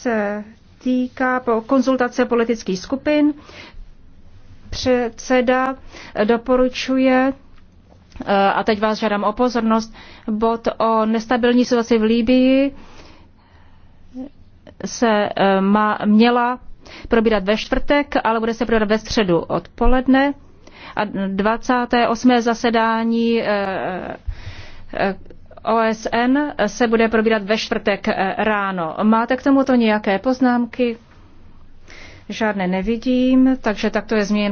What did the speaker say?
se týká po konzultace politických skupin. Předseda doporučuje, eh, a teď vás žádám o pozornost, bod o nestabilní situaci v Líbii se eh, má, měla probírat ve čtvrtek, ale bude se probírat ve středu odpoledne a 28. zasedání eh, OSN se bude probírat ve čtvrtek eh, ráno. Máte k tomuto nějaké poznámky? Žádné nevidím, takže takto je změna.